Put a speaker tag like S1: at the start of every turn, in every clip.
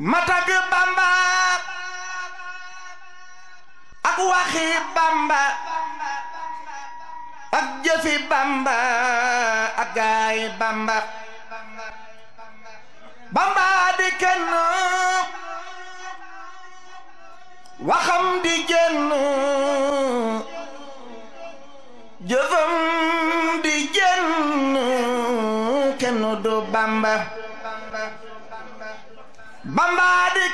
S1: matag bamba ak waxi bamba ak jëfi bamba ak gaay bamba bamba di kenn waxam di jenn jëfam di jenn kenn du bamba bamba di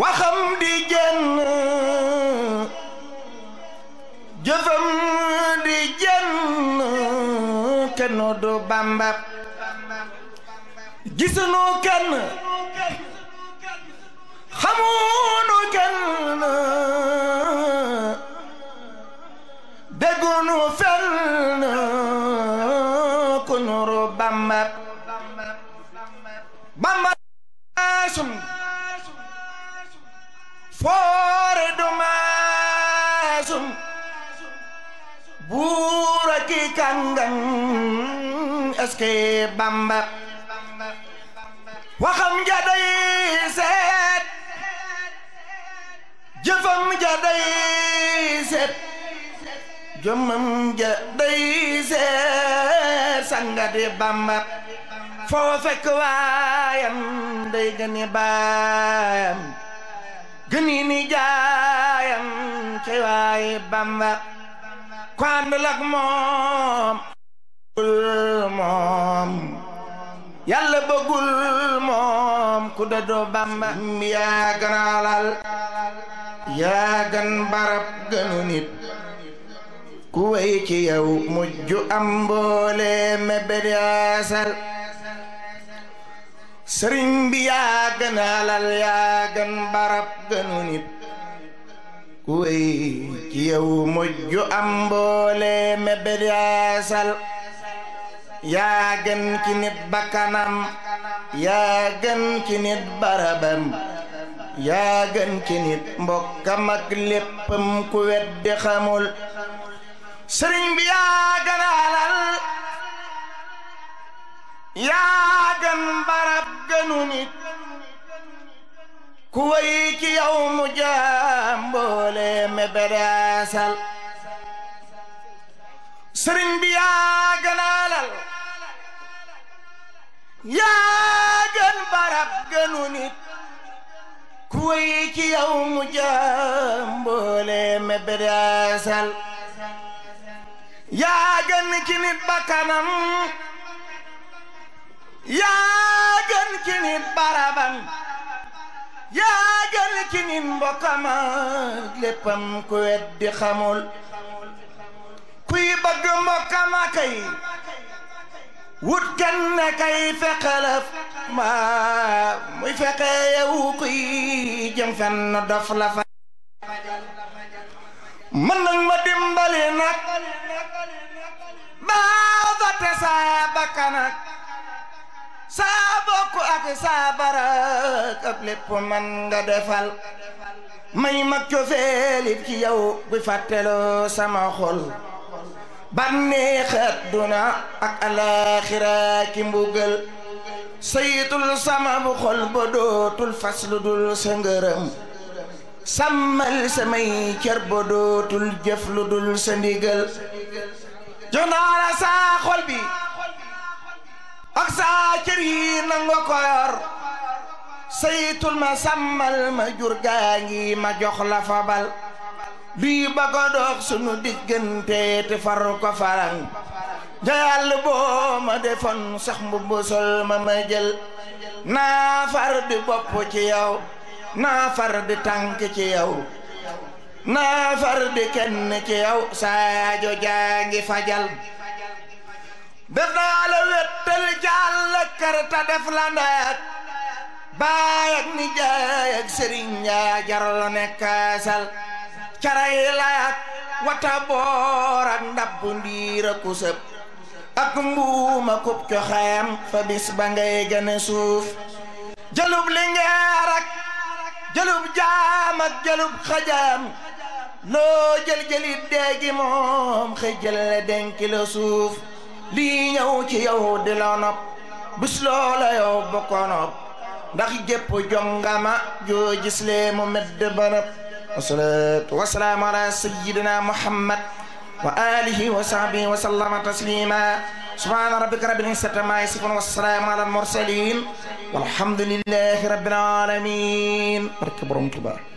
S1: waxam di jenn jëfam di jenn kenn du bamba gisunu kenn foore du maasum buura ki eske bamba waxam ja day seet jëfam ja day seet jëmmam ja day seet sanga di bamba foo waayam day gëni baayam gëni ni jaayam ci waay Bamba ku àndul ak moom moom bëggul moom ku dëddoo Bamba yaa alal yaa barab gënu ku wéy ci yow mujj am mboole mébét yaasal sëriñ bi yaa gën alal yaa gën barab gënu nit ku wéy ci yow mujj am mboole mébét yaa sal gën ci nit bakkanam yaa gën ci nit barabam yaa gën ci nit mbokkam ak léppam ku weddi xamul sëriñ bi yaa gën alal yaa ku way ci yow mu jaamboole mebereesal sëriñ bi yaa gënaalal yaa gën barab gënu nit ku way ci yow mu jaamboole mebereesal yaa gën ci nit bakkanam yaa gën ci nit barabam yaa gën ci nin mbokkam ak léppam ku weddi xamul kuy bëgg mbokkam kay wut kenn kay fexelef ma muy fexe yow kuy jëm fenn dof la fa mën nañ ma dimbali nag baa fa te saa bakka ki saabara ak lépp man nga defal may mag cofeelit ci yow bi fàtteloo sama xol bànneex adduna ak alaaxira ki mbugal saytul sama dootul fas lu dul sa ngërëm sàmmal samay cër dootul jëf dul sa ndigal jonaara bi ak saa cër yi nanga ko yor saytul ma sàmmal ma jur gaa ngi ma jox fa bal lii ba ko dox sunu diggante te far ko farang boo ma defoon sax mbubb ma ma naa far di bopp ci yow naa far di tànk ci yow naa far di kenn ci yow saajo jaa fajal danaa la wettal jaal la kër def la ndeek baay ak ni jaay ak sëriñ wata boor ak ndabbu ndiir ak mbuuma kub coxeem fa bis ba suuf jëlub lingeer ak jëlub jaam ak xajaam loo jël deegi moom xëjël la denki suuf lii ñëw ci yow di la nopp bis loola yow bu ko nopp ndax jépp jongama joo gis lee mu medd barab wasalaatu wasalaamu ala sayidina muhammad wa alihi wa sahbihi wa sallama taslima subhaana rabbika rabbil izzati ammaa yasifuun wa salaamun ala al mursaliin walhamdulillahi rabbil aalamiin barke borom Tuubaa